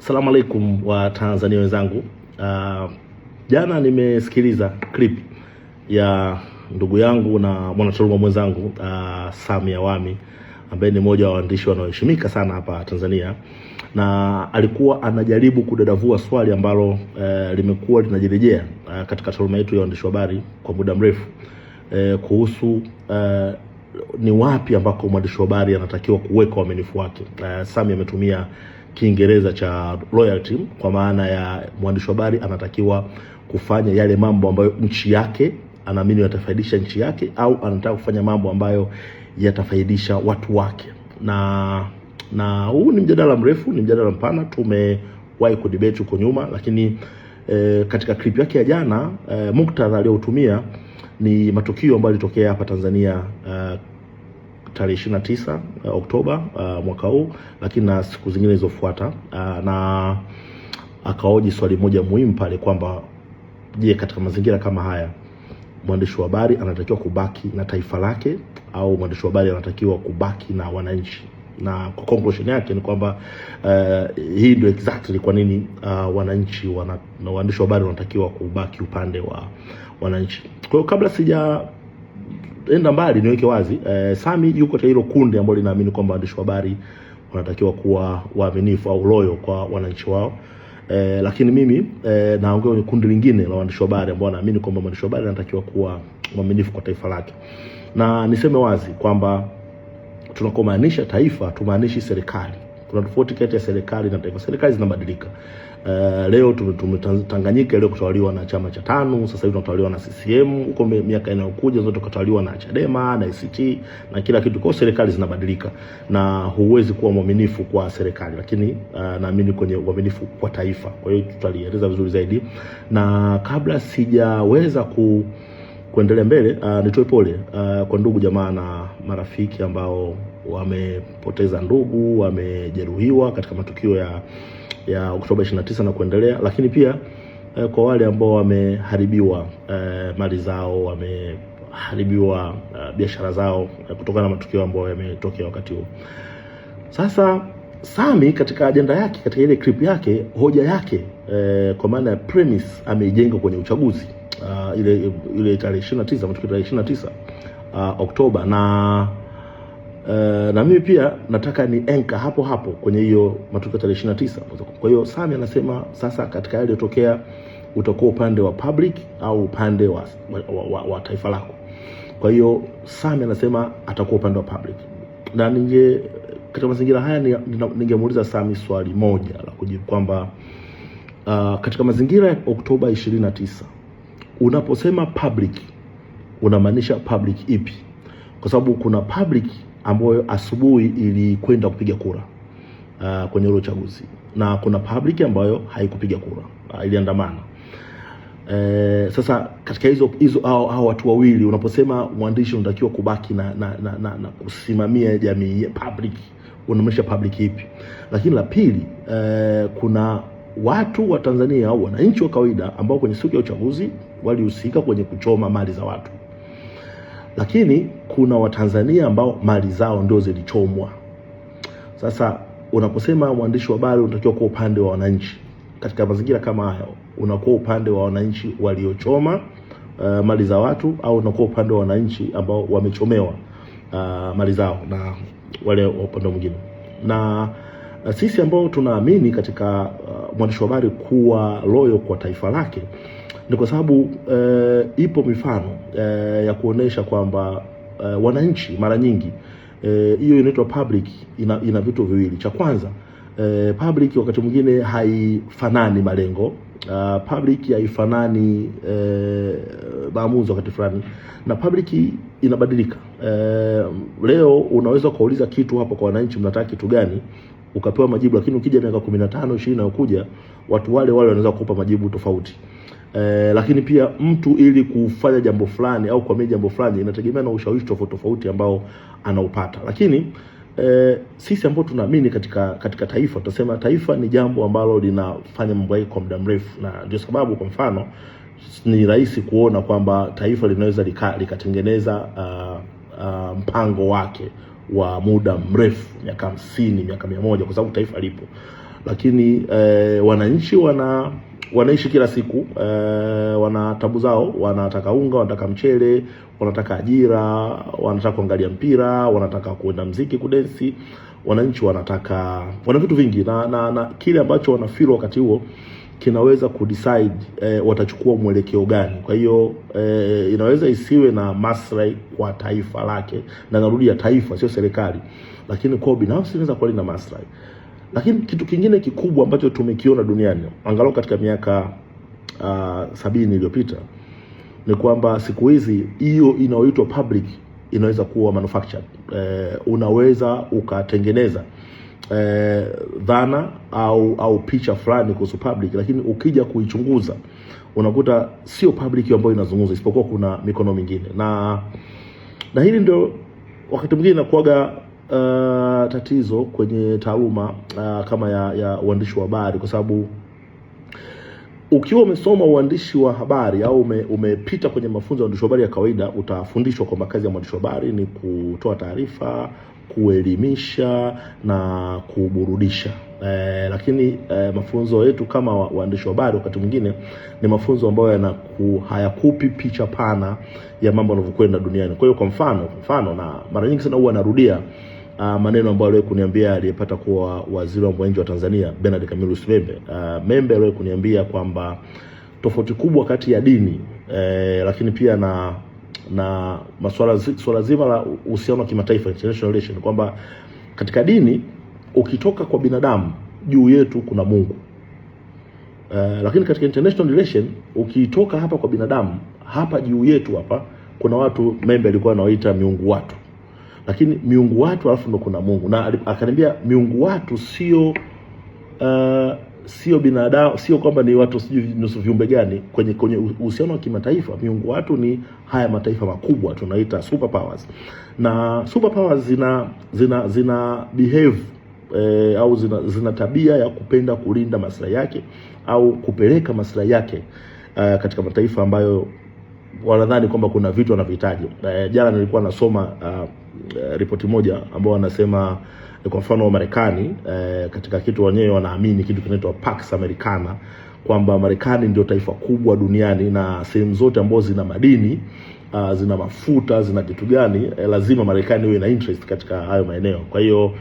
Salamu alaikum wa Tanzania wenzangu. Uh, jana nimesikiliza clip ya ndugu yangu na mwanataaluma mwenzangu uh, Samia Wami ambaye ni mmoja wa waandishi wanaoheshimika sana hapa Tanzania, na alikuwa anajaribu kudadavua swali ambalo uh, limekuwa linajirejea uh, katika taaluma yetu ya waandishi wa habari kwa muda mrefu uh, kuhusu uh, ni wapi ambako mwandishi wa habari anatakiwa kuweka uaminifu wake. Uh, Samia ametumia Kiingereza cha loyalty, kwa maana ya mwandishi wa habari anatakiwa kufanya yale mambo ambayo nchi yake anaamini yatafaidisha nchi yake, au anataka kufanya mambo ambayo yatafaidisha watu wake. Na na huu ni mjadala mrefu, ni mjadala mpana, tumewahi kudebate huko nyuma, lakini e, katika clip yake ya jana e, muktadha aliyotumia ni matukio ambayo yalitokea hapa Tanzania e, tarehe 29 eh, Oktoba uh, mwaka huu, lakini na siku zingine zilizofuata uh, na akaoji swali moja muhimu pale kwamba je, katika mazingira kama haya mwandishi wa habari anatakiwa kubaki na taifa lake au mwandishi wa habari anatakiwa kubaki na wananchi? Na kwa conclusion yake ni kwamba uh, hii ndio exactly kwa nini uh, wananchi wana, waandishi wa habari wanatakiwa kubaki upande wa wananchi. Kwa hiyo kabla sija enda mbali, niweke wazi eh, Sami yuko katika hilo kundi ambalo linaamini kwamba waandishi wa habari wanatakiwa kuwa waaminifu au loyo kwa wananchi wao. Eh, lakini mimi eh, naongea kwenye kundi lingine la waandishi wa habari ambao wanaamini kwamba mwandishi wa habari anatakiwa kuwa mwaminifu kwa taifa lake, na niseme wazi kwamba tunakomaanisha taifa tumaanishi serikali. Kuna tofauti kati ya serikali na taifa. Serikali zinabadilika. Uh, leo tumetanganyika leo kutawaliwa na chama cha tano, sasa hivi tunatawaliwa na CCM, huko miaka inayokuja zote tutawaliwa na Chadema na ACT na kila kitu. Kwa serikali zinabadilika na huwezi kuwa mwaminifu kwa serikali, lakini uh, naamini kwenye uaminifu kwa taifa. Kwa hiyo tutalieleza vizuri zaidi, na kabla sijaweza ku kuendelea mbele uh, nitoe pole uh, kwa ndugu jamaa na marafiki ambao wamepoteza ndugu, wamejeruhiwa katika matukio ya ya Oktoba 29 na kuendelea, lakini pia eh, kwa wale ambao wameharibiwa eh, mali zao wameharibiwa uh, biashara zao uh, kutokana na matukio ambayo yametokea wakati huo. Sasa Sami katika ajenda yake katika ile clip yake hoja yake eh, kwa maana ya premise ameijenga kwenye uchaguzi uh, ile ile tarehe 29 matukio tarehe 29 uh, ah, Oktoba na Eh, na mimi pia nataka ni enka hapo hapo kwenye hiyo matukio tarehe 29. Kwa hiyo Sami anasema sasa katika yale yaliyotokea utakuwa upande wa public au upande wa, wa, wa, wa taifa lako. Kwa hiyo Sami anasema atakuwa upande wa public. Na ninge katika mazingira haya ningemuuliza Sami swali moja la kujibu kwamba uh, katika mazingira ya Oktoba 29 unaposema public unamaanisha public ipi? Kwa sababu kuna public ambayo asubuhi ilikwenda kupiga kura uh, kwenye ule uchaguzi na kuna public ambayo haikupiga kura uh, iliandamana. Uh, sasa katika hizo hizo hao watu wawili, unaposema mwandishi unatakiwa kubaki na, na, na, na, na kusimamia jamii public, unamaanisha public ipi? Lakini la pili uh, kuna watu wa Tanzania au wananchi wa kawaida ambao kwenye siku ya uchaguzi walihusika kwenye kuchoma mali za watu, lakini kuna Watanzania ambao mali zao ndio zilichomwa. Sasa unaposema mwandishi wa habari unatakiwa kuwa upande wa wananchi, katika mazingira kama hayo unakuwa upande wa wananchi waliochoma uh, mali za watu au unakuwa upande wa wananchi ambao wamechomewa uh, mali zao na wale wa upande mwingine. Na uh, sisi ambao tunaamini katika uh, mwandishi wa habari kuwa loyo kwa taifa lake ni kwa sababu uh, ipo mifano uh, ya kuonesha kwamba uh, wananchi mara nyingi eh, hiyo uh, inaitwa public ina, ina vitu viwili. Cha kwanza uh, public wakati mwingine haifanani malengo uh, public haifanani maamuzi maamuzi wakati fulani, na public inabadilika. Uh, leo unaweza ukauliza kitu hapa kwa wananchi, mnataka kitu gani, ukapewa majibu, lakini ukija miaka 15 20 inayokuja watu wale wale wanaweza kukupa majibu tofauti. Eh, lakini pia mtu ili kufanya jambo fulani au kuamia jambo fulani inategemea na ushawishi tofauti tofauti ambao anaupata. Lakini eh, sisi ambao tunaamini katika katika taifa, tutasema taifa ni jambo ambalo linafanya mambo yake kwa muda mrefu, na ndio sababu kwa mfano ni rahisi kuona kwamba taifa linaweza likatengeneza lika uh, uh, ah, mpango wake wa muda mrefu miaka hamsini, miaka mia moja kwa sababu taifa lipo, lakini eh, wananchi wana wanaishi kila siku e, wana tabu zao, wanataka unga, wanataka mchele, wanataka ajira, wanataka kuangalia mpira, wanataka kuenda mziki, kudensi. Wananchi wanataka wana vitu vingi na, na, na kile ambacho wanafeel wakati huo kinaweza kudecide e, watachukua mwelekeo gani. Kwa hiyo e, inaweza isiwe na maslahi kwa taifa lake, na narudia, taifa sio serikali, lakini kwa binafsi inaweza kuwa lina maslahi. Lakini kitu kingine kikubwa ambacho tumekiona duniani angalau katika miaka uh, sabini iliyopita ni kwamba siku hizi hiyo inayoitwa public inaweza kuwa manufactured. Eh, unaweza ukatengeneza eh, dhana au au picha fulani kuhusu public, lakini ukija kuichunguza unakuta sio public hiyo ambayo inazungumza, isipokuwa kuna mikono mingine, na na hili ndio wakati mwingine inakuwaga uh, tatizo kwenye taaluma uh, kama ya, ya uandishi wa habari kwa sababu ukiwa umesoma uandishi wa habari au ume, umepita kwenye mafunzo ya uandishi wa habari ya kawaida, utafundishwa kwamba kazi ya mwandishi wa habari ni kutoa taarifa, kuelimisha na kuburudisha. E, lakini e, mafunzo yetu kama waandishi wa habari wakati mwingine ni mafunzo ambayo hayakupi picha pana ya mambo yanavyokwenda duniani. Kwa hiyo kwa mfano, kwa mfano na mara nyingi sana huwa narudia uh, maneno ambayo aliwahi kuniambia aliyepata kuwa waziri wa mambo ya nje wa Tanzania Bernard Kamilus Membe. Uh, ah, Membe aliwahi kuniambia kwamba tofauti kubwa kati ya dini eh, lakini pia na na masuala swala zima la uhusiano wa kimataifa international relation, kwamba katika dini ukitoka kwa binadamu, juu yetu kuna Mungu uh, lakini katika international relation ukitoka hapa kwa binadamu, hapa juu yetu hapa kuna watu Membe alikuwa anawaita miungu watu lakini miungu watu, alafu ndo kuna Mungu, na akaniambia miungu watu sio uh, sio binadamu, sio kwamba ni watu sijui nusu viumbe gani. Kwenye kwenye uhusiano wa kimataifa, miungu watu ni haya mataifa makubwa tunaita superpowers, na superpowers zina zina zina behave E, au zina, zina tabia ya kupenda kulinda maslahi yake au kupeleka maslahi yake e, katika mataifa ambayo wanadhani kwamba kuna vitu wanavihitaji. E, jana nilikuwa nasoma uh, Eh, ripoti moja ambao wanasema kwa mfano wa Marekani eh, katika kitu wenyewe wanaamini kitu kinaitwa Pax Americana kwamba Marekani ndio taifa kubwa duniani na sehemu zote ambazo zina madini uh, zina mafuta zina kitu gani eh, lazima Marekani iwe na interest katika hayo maeneo. Kwa hiyo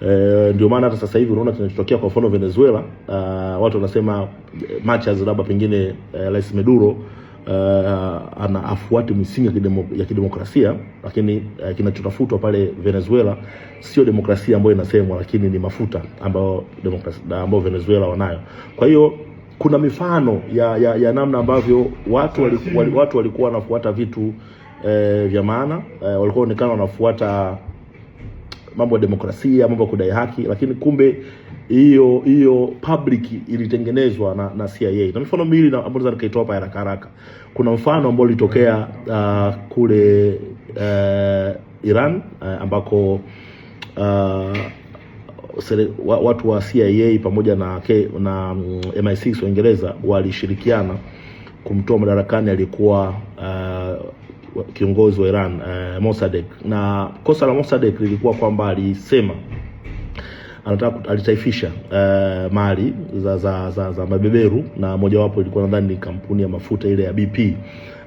eh, ndio maana hata sasa hivi unaona kinachotokea kwa mfano Venezuela, uh, watu wanasema eh, much labda pengine eh, Rais Maduro uh, ana afuati misingi ya kidemokrasia, lakini uh, kinachotafutwa pale Venezuela sio demokrasia ambayo inasemwa, lakini ni mafuta ambayo demokrasia ambayo Venezuela wanayo. Kwa hiyo kuna mifano ya, ya, ya namna ambavyo watu walikuwa watu walikuwa wanafuata vitu eh, vya maana eh, walikuwa onekana wanafuata mambo ya demokrasia, mambo ya kudai haki, lakini kumbe hiyo hiyo public ilitengenezwa na, na CIA na mifano miwili ambayo nikaitoa hapa haraka haraka. Kuna mfano ambao ulitokea uh, kule uh, Iran uh, ambako uh, sere, wa, watu wa CIA pamoja na, na MI6 um, Uingereza walishirikiana kumtoa madarakani alikuwa uh, kiongozi wa Iran uh, Mossadegh, na kosa la Mossadegh lilikuwa kwamba alisema anataka alitaifisha uh, eh, mali za, za, za, za mabeberu na mojawapo ilikuwa nadhani ni kampuni ya mafuta ile ya BP.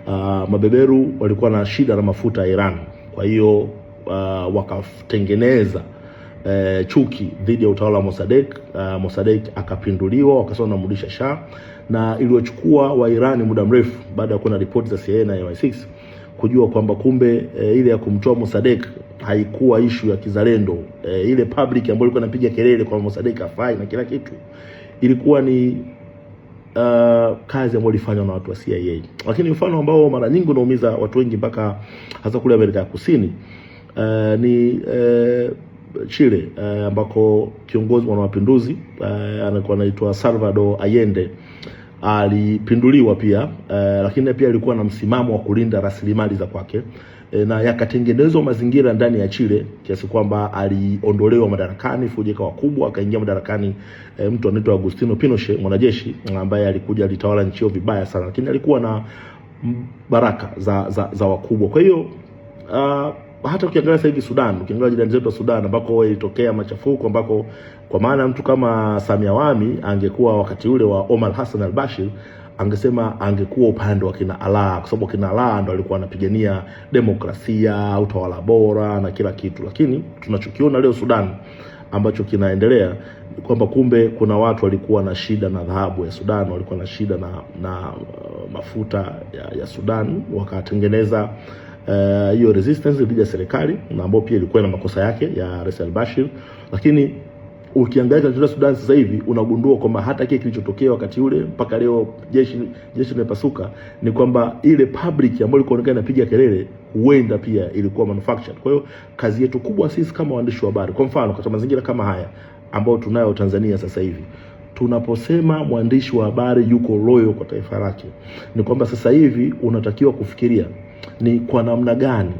Uh, ah, mabeberu walikuwa na shida na mafuta ya Iran, kwa hiyo uh, wakatengeneza uh, chuki dhidi ya utawala wa Mossadegh. Uh, Mossadegh akapinduliwa, wakasema namrudisha Shah, na iliyochukua Wairani muda mrefu baada ya kuwa na ripoti za CIA na MI6 kujua kwamba kumbe e, ile ya kumtoa Mosadek haikuwa ishu ya kizalendo e, ile public ambayo ilikuwa inapiga kelele kwa Mosadek afai na kila kitu ilikuwa ni Uh, kazi ambayo ilifanywa na watu wa CIA, lakini mfano ambao mara nyingi unaumiza watu wengi mpaka hasa kule Amerika ya Kusini uh, ni uh, Chile uh, ambako kiongozi wa mapinduzi uh, anakuwa anaitwa Salvador Allende alipinduliwa pia eh, lakini pia alikuwa na msimamo wa kulinda rasilimali za kwake eh, na yakatengenezwa mazingira ndani ya Chile kiasi kwamba aliondolewa madarakani, fujo ikawa kubwa, akaingia madarakani eh, mtu anaitwa Agustino Pinochet, mwanajeshi ambaye alikuja alitawala nchi hiyo vibaya sana, lakini alikuwa na baraka za, za, za wakubwa. Kwa hiyo uh, hata ukiangalia sasa hivi Sudan, ukiangalia jirani zetu wa Sudan ambako ilitokea machafuko, ambako kwa maana mtu kama Samia Wami angekuwa wakati ule wa Omar Hassan al-Bashir angesema angekuwa upande wa kina Alaa kwa sababu kina Alaa ndo alikuwa anapigania demokrasia, utawala bora na kila kitu, lakini tunachokiona leo Sudan ambacho kinaendelea kwamba kumbe kuna watu walikuwa na shida na dhahabu ya Sudan, walikuwa na shida na, na uh, mafuta ya, ya Sudan wakatengeneza Eh, hiyo uh, resistance dhidi ya serikali na ambayo pia ilikuwa na makosa yake ya Rais al-Bashir, lakini ukiangalia kinachoendelea Sudan sasa hivi unagundua kwamba hata kile kilichotokea wakati ule mpaka leo jeshi jeshi limepasuka, ni kwamba ile public ambayo ilikuwa inaonekana inapiga kelele huenda pia ilikuwa manufactured. Kwa hiyo kazi yetu kubwa sisi kama waandishi wa habari, kwa mfano katika mazingira kama haya ambayo tunayo Tanzania sasa hivi tunaposema mwandishi wa habari yuko loyo kwa taifa lake, ni kwamba sasa hivi unatakiwa kufikiria ni kwa namna gani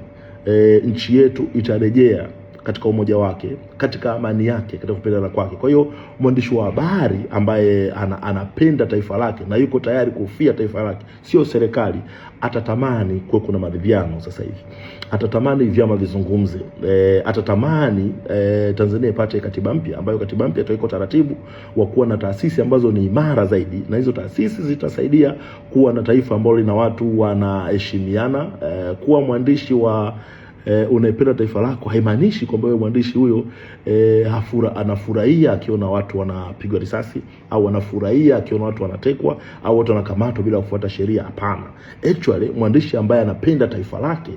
e, nchi yetu itarejea katika umoja wake, katika amani yake, katika kupendana kwake. Kwa hiyo mwandishi wa habari ambaye ana, anapenda taifa lake na yuko tayari kufia taifa lake, sio serikali, atatamani kuwe kuna maridhiano sasa hivi, atatamani vyama vizungumze e, atatamani e, Tanzania ipate katiba mpya, ambayo katiba mpya itaweka taratibu wa kuwa na taasisi ambazo ni imara zaidi, na hizo taasisi zitasaidia kuwa na taifa ambalo lina watu wanaheshimiana. E, kuwa mwandishi wa eh, unaipenda taifa lako haimaanishi kwamba wewe mwandishi huyo eh, hafura, anafurahia akiona watu wanapigwa risasi au anafurahia akiona watu wanatekwa au watu wanakamatwa bila kufuata sheria. Hapana, actually mwandishi ambaye anapenda taifa lake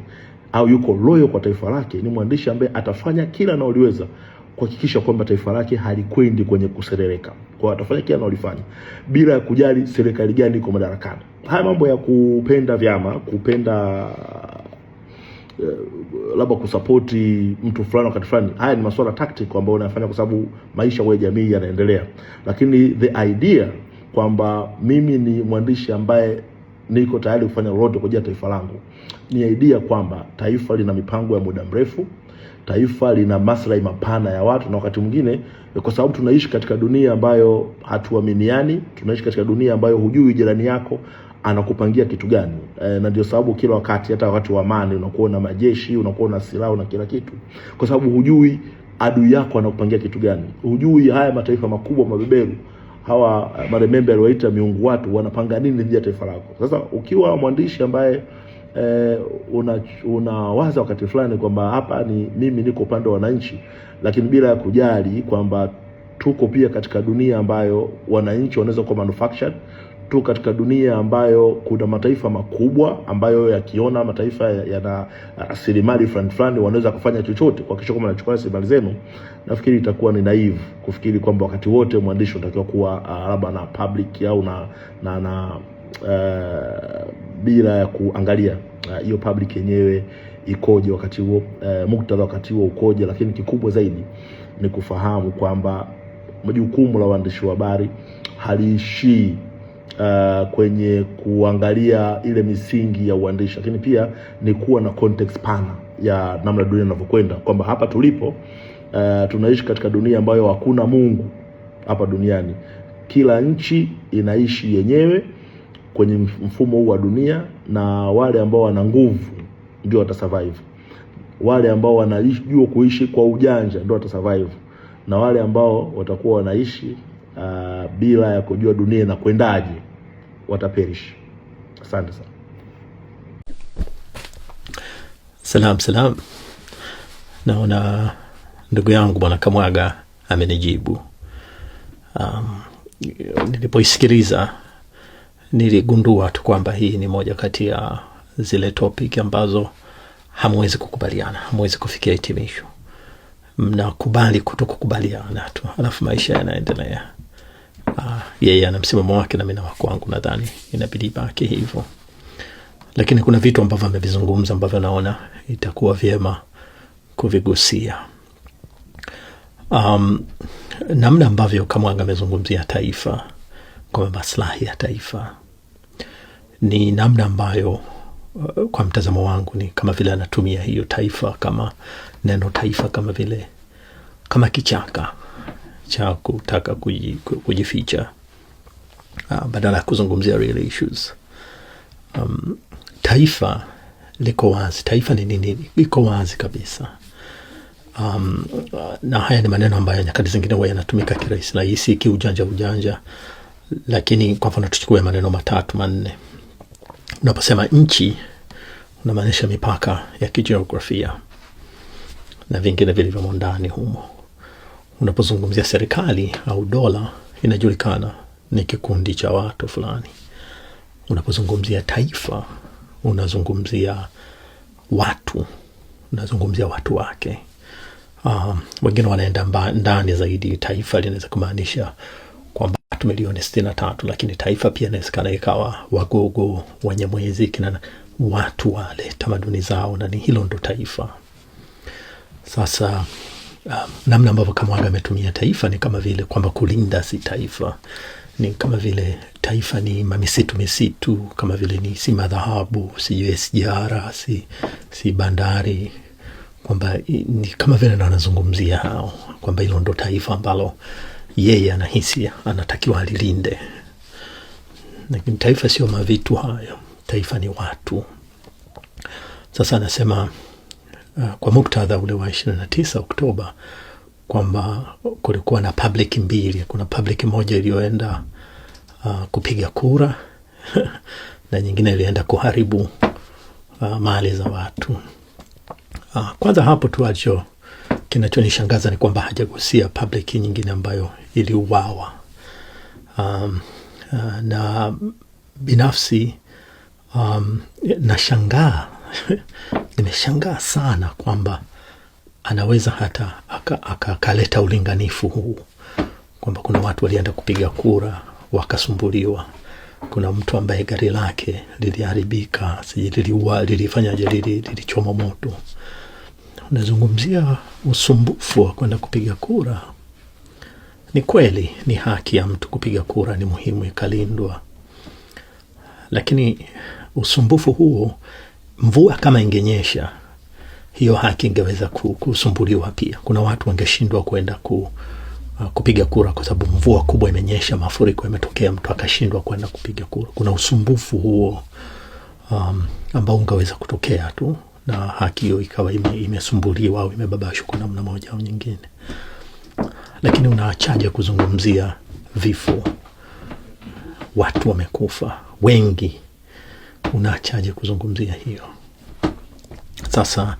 au yuko loyo kwa taifa lake ni mwandishi ambaye atafanya kila anaoliweza kuhakikisha kwamba taifa lake halikwendi kwenye kuserereka. Kwa hiyo atafanya kila analolifanya bila ya kujali serikali gani iko madarakani. Haya mambo ya kupenda vyama, kupenda Eh, labda kusapoti mtu fulani wakati fulani. Haya ni masuala tactic ambayo unayafanya kwa sababu maisha ya jamii yanaendelea, lakini the idea kwamba mimi ni mwandishi ambaye niko tayari kufanya lolote kwa ajili ya taifa langu, ni idea kwamba taifa lina mipango ya muda mrefu, taifa lina maslahi mapana ya watu, na wakati mwingine, eh, kwa sababu tunaishi katika dunia ambayo hatuaminiani, tunaishi katika dunia ambayo hujui jirani yako anakupangia kitu gani e, na ndio sababu kila wakati, hata wakati wa amani, unakuwa na majeshi, unakuwa na silaha na kila kitu, kwa sababu hujui adui yako anakupangia kitu gani, hujui haya mataifa makubwa mabeberu hawa maremembe eh, aliwaita miungu watu wanapanga nini dhidi ya taifa lako. Sasa ukiwa mwandishi ambaye e, unawaza una wakati fulani kwamba hapa ni mimi niko upande wa wananchi, lakini bila ya kujali kwamba tuko pia katika dunia ambayo wananchi wanaweza kuwa manufactured tu katika dunia ambayo kuna mataifa makubwa ambayo yakiona mataifa yana rasilimali fulani fulani wanaweza kufanya chochote kuhakikisha kwamba anachukua rasilimali zenu, nafikiri itakuwa ni naive kufikiri kwamba wakati wote mwandishi unatakiwa kuwa ah, labda na public au na na, na uh, bila ya kuangalia ah, hiyo uh, public yenyewe ikoje wakati huo, uh, muktadha wakati huo ukoje, lakini kikubwa zaidi ni kufahamu kwamba jukumu la waandishi wa habari haliishii uh, kwenye kuangalia ile misingi ya uandishi, lakini pia ni kuwa na context pana ya namna dunia inavyokwenda, kwamba hapa tulipo uh, tunaishi katika dunia ambayo hakuna Mungu hapa duniani. Kila nchi inaishi yenyewe kwenye mfumo huu wa dunia, na wale ambao wana nguvu ndio watasurvive, wale ambao wanajua kuishi kwa ujanja ndio watasurvive, na wale ambao watakuwa wanaishi uh, bila ya kujua dunia inakwendaje wataperish. Asante sana. Salam salam, naona ndugu yangu bwana Kamwaga amenijibu. Um, nilipoisikiliza niligundua tu kwamba hii ni moja kati ya zile topic ambazo hamwezi kukubaliana, hamwezi kufikia hitimisho, mnakubali kuto kukubaliana tu, alafu maisha yanaendelea. Ah, yeye ana msimamo wake na mimi na wangu, nadhani inabidi baki hivo lakini kuna vitu ambavyo amevizungumza ambavyo naona itakuwa vyema kuvigusia. Um, namna ambavyo Kamwanga amezungumzia taifa kwa maslahi ya taifa ni namna ambayo uh, kwa mtazamo wangu ni kama vile anatumia hiyo taifa kama neno taifa kama vile kama kichaka cha kutaka kujificha uh, badala ya kuzungumzia real issues. Um, taifa liko wazi. Taifa ni nini? Liko wazi kabisa. Um, na haya ni maneno ambayo nyakati zingine huwa yanatumika kirahisi rahisi, kiujanja ujanja, lakini kwa mfano tuchukue maneno matatu manne. Unaposema nchi unamaanisha mipaka ya kijiografia na vingine vilivyomo ndani humo. Unapozungumzia serikali au dola, inajulikana ni kikundi cha watu fulani. Unapozungumzia taifa, unazungumzia watu, unazungumzia watu wake. Um, wengine wanaenda ndani zaidi. Taifa linaweza kumaanisha kwamba watu milioni sitini na tatu, lakini taifa pia inawezekana ikawa Wagogo, Wanyamwezi, kina watu wale, tamaduni zao, na ni hilo ndo taifa. Sasa um, namna ambavyo Kamwaga ametumia taifa ni kama vile kwamba kulinda si taifa, ni kama vile taifa ni mamisitu misitu, kama vile ni si madhahabu, si SGR, si, si bandari kwamba ni kama vile ndo anazungumzia hao kwamba hilo ndo taifa ambalo yeye anahisi anatakiwa alilinde, lakini taifa sio mavitu hayo, taifa ni watu. Sasa anasema Uh, kwa muktadha ule wa 29 Oktoba kwamba kulikuwa na public mbili. Kuna public moja iliyoenda uh, kupiga kura na nyingine ilienda kuharibu uh, mali za watu. Uh, kwanza hapo tu alicho kinachonishangaza ni kwamba hajagusia public nyingine ambayo iliuawa. Um, uh, na binafsi um, nashangaa nimeshangaa sana kwamba anaweza hata akaleta aka, ulinganifu huu kwamba kuna watu walienda kupiga kura wakasumbuliwa, kuna mtu ambaye gari lake liliharibika, sijui liliua, lilifanyaje, lilichoma moto. Unazungumzia usumbufu wa kwenda kupiga kura. Ni kweli, ni haki ya mtu kupiga kura, ni muhimu ikalindwa, lakini usumbufu huo mvua kama ingenyesha, hiyo haki ingeweza kusumbuliwa pia. Kuna watu wangeshindwa kwenda ku, uh, kupiga kura kwa sababu mvua kubwa imenyesha, mafuriko yametokea, mtu akashindwa kwenda kupiga kura. Kuna usumbufu huo um, ambao ungeweza kutokea tu na haki hiyo ikawa imesumbuliwa ime au imebabashwa kwa namna moja au nyingine. Lakini unaachaja kuzungumzia vifo? Watu wamekufa wengi unaachaje kuzungumzia hiyo? Sasa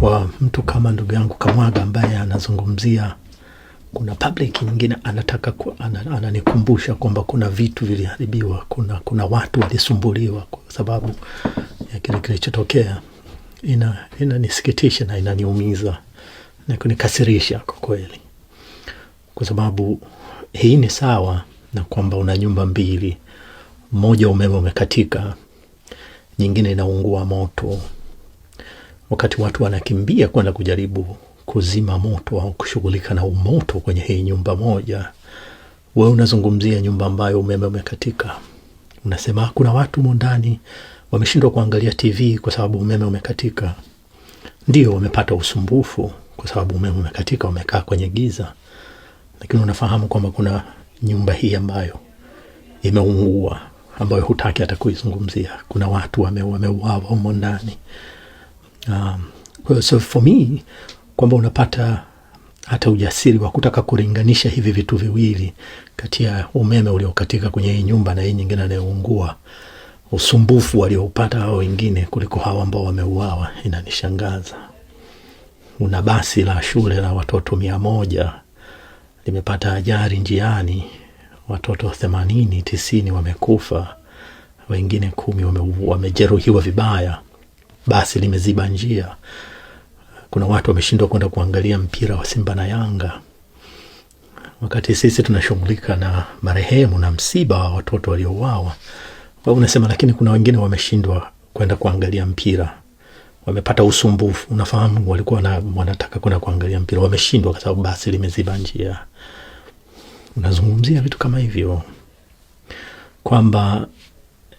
kwa mtu kama ndugu yangu Kamwaga ambaye anazungumzia kuna public nyingine anataka ku, ananikumbusha kwamba kuna vitu viliharibiwa, kuna kuna watu walisumbuliwa kwa sababu ya kile kilichotokea. Ina inanisikitisha na inaniumiza na kunikasirisha kwa kweli, kwa sababu hii ni sawa na kwamba una nyumba mbili, mmoja umeme umekatika, nyingine inaungua moto. Wakati watu wanakimbia kwenda kujaribu kuzima moto au kushughulika na umoto kwenye hii nyumba moja, wewe unazungumzia nyumba ambayo umeme umekatika. Unasema ah, kuna watu mo ndani wameshindwa kuangalia TV kwa sababu umeme umekatika. Ndio, wamepata usumbufu kwa sababu umeme umekatika, wamekaa kwenye giza, lakini unafahamu kwamba kuna nyumba hii ambayo imeungua ambayo hutaki hata kuizungumzia. Kuna watu wameuawa humo ndani. Um, well, so for me kwamba unapata hata ujasiri wa kutaka kulinganisha hivi vitu viwili kati ya umeme uliokatika kwenye hii nyumba na hii nyingine anayoungua, usumbufu walioupata hao wengine kuliko hawa ambao wameuawa, inanishangaza. Una basi la shule la watoto mia moja limepata ajari njiani watoto 80 90 wamekufa, wengine kumi wamejeruhiwa wame vibaya. Basi limeziba njia. Kuna watu wameshindwa kwenda kuangalia mpira wa Simba na Yanga, wakati sisi tunashughulika na marehemu na msiba wa watoto waliouawa. Wewe unasema lakini kuna wengine wameshindwa kwenda kuangalia mpira, wamepata usumbufu. Unafahamu, walikuwa wanataka kwenda kuangalia mpira, wameshindwa kwa sababu basi limeziba njia unazungumzia vitu kama hivyo kwamba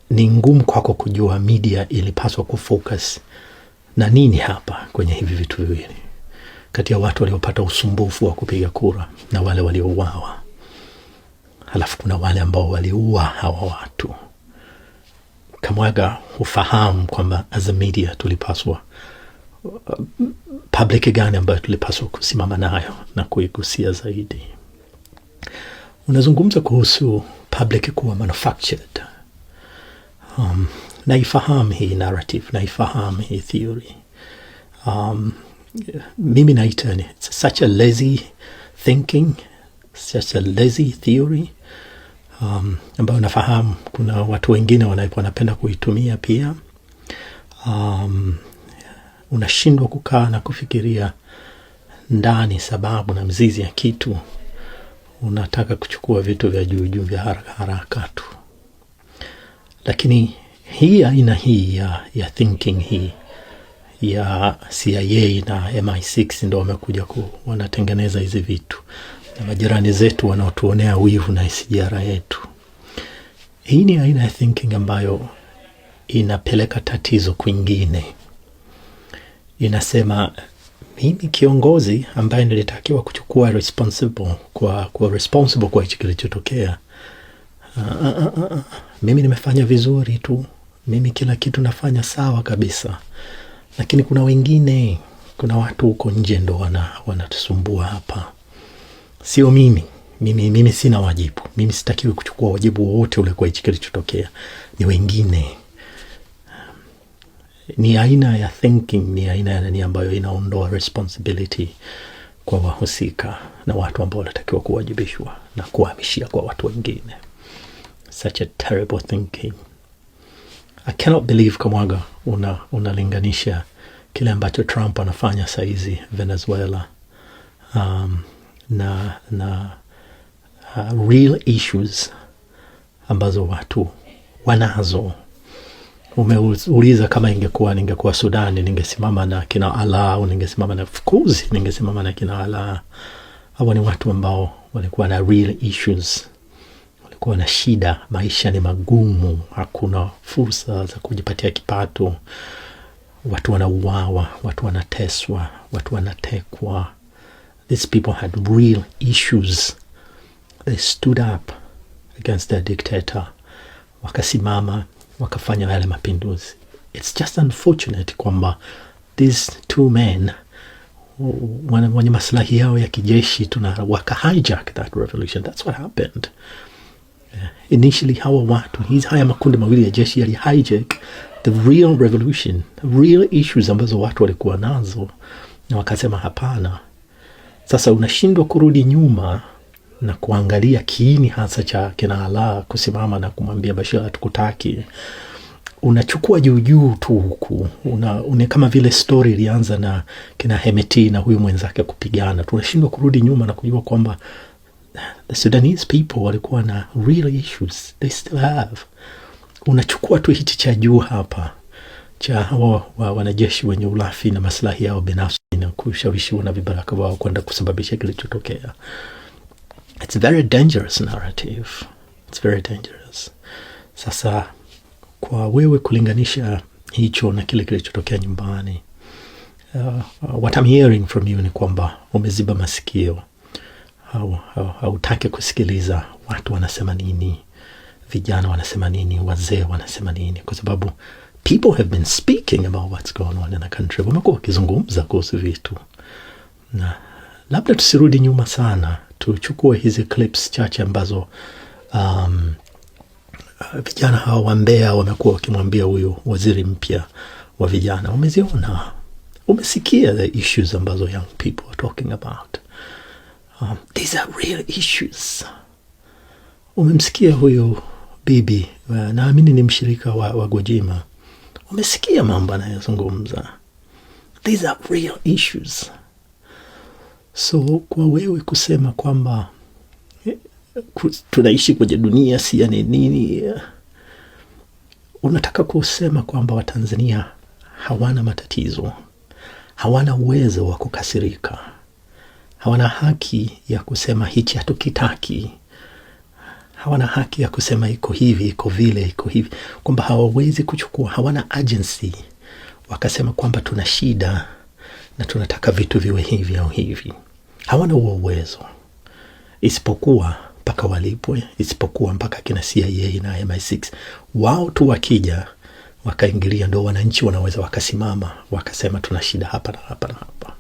ni ngumu kwako kujua media ilipaswa kufocus na nini hapa kwenye hivi vitu viwili, kati ya watu waliopata usumbufu wa kupiga kura na wale waliouawa. Halafu kuna wale ambao waliua hawa watu. Kamwaga hufahamu kwamba as a media tulipaswa uh, public gani ambayo tulipaswa kusimama nayo na kuigusia zaidi unazungumza kuhusu public kuwa manufactured. Um, naifahamu hii narrative, naifahamu hii theory. Um, mimi naita it's such a lazy thinking, such a lazy theory um, ambayo nafahamu kuna watu wengine wanapenda kuitumia pia. Um, unashindwa kukaa na kufikiria ndani sababu na mzizi ya kitu unataka kuchukua vitu vya juu juu vya haraka haraka tu, lakini hii aina hii ya, ya thinking hii ya CIA na MI6 ndo wamekuja ku wanatengeneza hizi vitu, na majirani zetu wanaotuonea wivu na sijara yetu. Hii ni aina ya thinking ambayo inapeleka tatizo kwingine, inasema mimi kiongozi ambaye nilitakiwa kuchukua responsible kwa, kwa responsible kwa hichi kilichotokea. Uh, uh, uh, uh, uh. Mimi nimefanya vizuri tu, mimi kila kitu nafanya sawa kabisa, lakini kuna wengine, kuna watu huko nje ndo wanatusumbua wana hapa, sio mimi. Mimi, mimi sina wajibu, mimi sitakiwi kuchukua wajibu wowote ule kwa hichi kilichotokea, ni wengine ni aina ya thinking, ni aina ya nani ambayo inaondoa responsibility kwa wahusika na watu ambao wanatakiwa kuwajibishwa na kuhamishia kwa watu wengine. Such a terrible thinking. I cannot believe Kamwaga una unalinganisha kile ambacho Trump anafanya saizi Venezuela, um, na na uh, real issues ambazo watu wanazo Umeuliza kama ingekuwa ningekuwa Sudani ningesimama na kina Ala au ningesimama na fukuzi, ningesimama na kina Ala. Hawa ni watu ambao walikuwa na real issues, walikuwa na shida, maisha ni magumu, hakuna fursa za kujipatia kipato, watu wanauawa, watu wanateswa, watu wanatekwa. These people had real issues. They stood up against their dictator, wakasimama wakafanya yale mapinduzi. It's just unfortunate kwamba these two men wenye maslahi yao ya kijeshi tuna waka hijack that revolution. That's what happened. Yeah. Initially hawa watu hizi haya makundi mawili ya jeshi yali hijack the real revolution, real issues ambazo watu walikuwa nazo, na wakasema hapana, sasa unashindwa kurudi nyuma na kuangalia kiini hasa cha kina Alaa kusimama na kumwambia Bashir hatukutaki unachukua juujuu tu huku una, une kama vile stori ilianza na kina Hemeti na huyu mwenzake kupigana. Tunashindwa kurudi nyuma na kujua kwamba eh, the Sudanese people walikuwa na real issues they still have. Unachukua tu hichi cha juu hapa cha hawa wa, wanajeshi wenye ulafi na maslahi yao binafsi na kushawishiwa na vibaraka wao kwenda kusababisha kilichotokea it's a very dangerous narrative, it's very dangerous. Sasa kwa wewe kulinganisha hicho na kile kilichotokea nyumbani, uh, what I'm hearing from you ni kwamba umeziba masikio, hautaki kusikiliza watu wanasema nini, vijana wanasema nini, wazee wanasema nini, kwa sababu people have been speaking about what's going on in the country. Wamekuwa wakizungumza kuhusu vitu, na labda tusirudi nyuma sana, tuchukue hizi clips chache ambazo um, vijana hawa wa Mbeya wamekuwa wakimwambia huyu waziri mpya wa vijana. Umeziona, umesikia the issues ambazo young people are talking about. Um, these are real issues. Umemsikia huyu bibi, uh, naamini ni mshirika wa, wa gojima Umesikia mambo anayozungumza. These are real issues. So kwa wewe kusema kwamba eh, tunaishi kwenye dunia si yani nini, unataka kusema kwamba Watanzania hawana matatizo, hawana uwezo wa kukasirika, hawana haki ya kusema hichi hatukitaki, hawana haki ya kusema iko hivi iko vile iko hivi, kwamba hawawezi kuchukua, hawana agency wakasema kwamba tuna shida na tunataka vitu viwe hivi au hivi hawana huo uwezo, isipokuwa mpaka walipwe, isipokuwa mpaka kina CIA na MI6 wao tu wakija wakaingilia, ndo wananchi wanaweza wakasimama wakasema tuna shida hapa na hapa na hapa.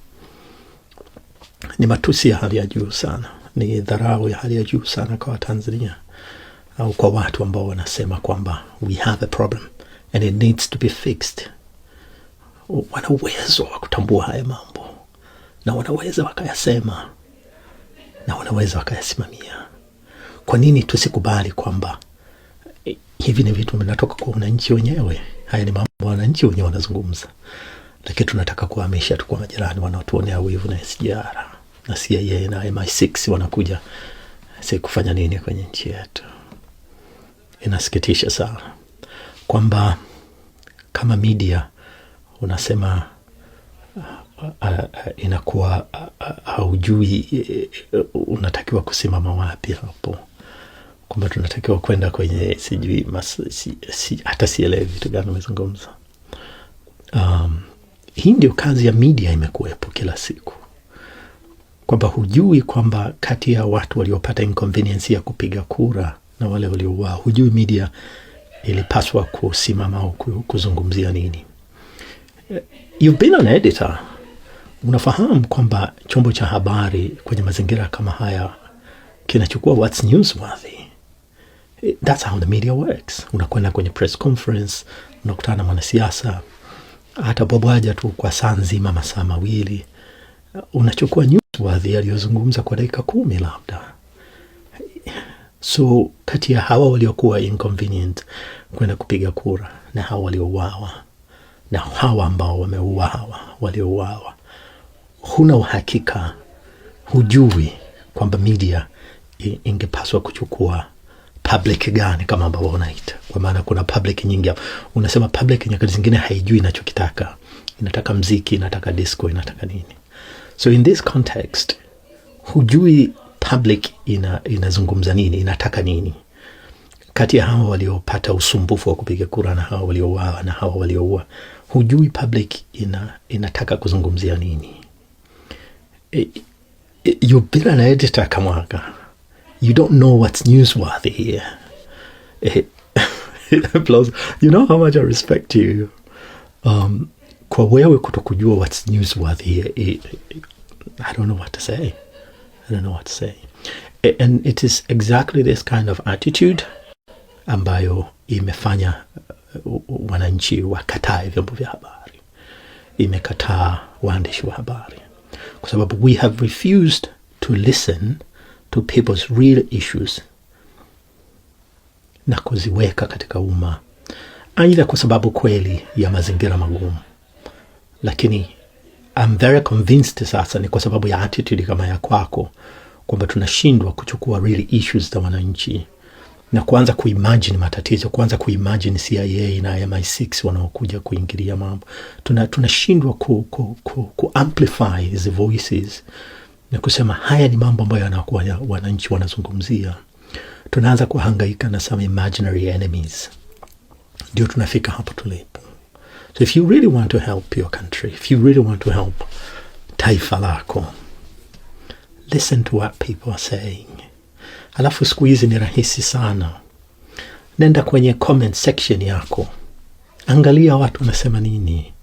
Ni matusi ya hali ya juu sana, ni dharau ya hali ya juu sana kwa Watanzania au kwa watu ambao wanasema kwamba we have a problem and it needs to be fixed. Wana uwezo wa kutambua haya mambo na wanaweza wakayasema na wanaweza wakayasimamia. Kwa nini tusikubali kwamba eh, hivi ni vitu vinatoka kwa wananchi wenyewe? Haya ni mambo wananchi wenyewe wanazungumza, lakini tunataka kuhamisha tu kwa majirani wanaotuonea wivu na SGR na CIA na MI6 wanakuja si kufanya nini kwenye nchi yetu? Inasikitisha sana kwamba kama media unasema inakuwa haujui e, e, unatakiwa kusimama wapi hapo kwamba tunatakiwa kwenda kwenye sijui mas, si, si, hata sielewe vitu gani umezungumza. Um, hii ndio kazi ya media imekuwepo kila siku, kwamba hujui kwamba kati ya watu waliopata inconvenience ya kupiga kura na wale waliouaa hujui media ilipaswa kusimama au kuzungumzia nini. You've been an editor Unafahamu kwamba chombo cha habari kwenye mazingira kama haya kinachukua what's newsworthy. That's how the media works. Unakwenda kwenye press conference, unakutana na mwanasiasa, hata bwabwaja tu kwa saa nzima, masaa mawili, unachukua newsworthy aliyozungumza kwa dakika kumi labda. So kati ya hawa waliokuwa inconvenient kwenda kupiga kura na hawa waliouawa na hawa ambao wameuawa, waliouawa huna uhakika, hujui kwamba media ingepaswa kuchukua public gani kama ambavyo unaita, kwa maana kuna public nyingi Unasema public nyakati zingine haijui inachokitaka, inataka mziki, inataka disco, inataka nini. So in this context, hujui public ina, inazungumza nini, inataka nini kati ya hawa waliopata usumbufu wa kupiga kura na hawa waliouawa na hawa walioua, hujui public ina, inataka kuzungumzia nini. Eh, you've been an editor, kamwaga You don't know what's newsworthy here. It, eh, it blows. You know how much I respect you. Um, kwa wewe kutokujua what's newsworthy it, it, I don't know what to say. I don't know what to say. Eh, and it is exactly this kind of attitude ambayo imefanya wananchi wakatae vyombo vya habari, imekataa waandishi wa habari kwa sababu we have refused to listen to people's real issues na kuziweka katika umma, aidha kwa sababu kweli ya mazingira magumu, lakini I'm very convinced sasa ni kwa sababu ya attitude kama ya kwako kwamba tunashindwa kuchukua real issues za wananchi na kuanza kuimagine matatizo, kuanza kuimagine CIA na MI6 wanaokuja kuingilia mambo. Tunashindwa tuna ku, ku, ku, ku amplify hizi voices na kusema haya ni mambo ambayo yanakuwa wananchi wanazungumzia. Tunaanza kuhangaika na some imaginary enemies, ndio tunafika hapo tulipo. So if you really want to help your country, if you really want to help taifa lako, listen to what people are saying. Alafu siku hizi ni rahisi sana, nenda kwenye comment section yako, angalia watu wanasema nini.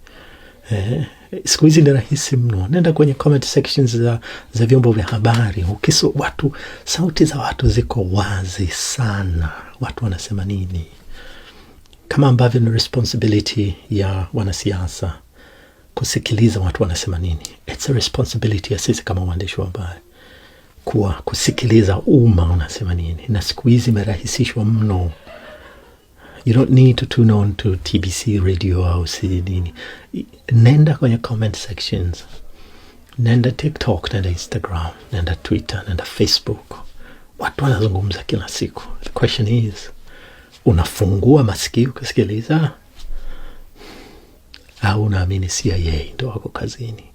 Eh, siku hizi ni rahisi mno, nenda kwenye comment sections za, za vyombo vya habari ukiso, watu sauti za watu ziko wazi sana, watu wanasema nini, kama ambavyo ni responsibility ya wanasiasa kusikiliza watu wanasema nini. It's a responsibility ya sisi kama waandishi wa habari kuwa kusikiliza umma unasema nini, na siku hizi imerahisishwa mno. You don't need to tune on to TBC radio au sinini Nenda kwenye comment sections, nenda TikTok, nenda Instagram, nenda Twitter, nenda Facebook. Watu wanazungumza kila siku. The question is, unafungua masikio kusikiliza au unaamini CIA ndo wako kazini?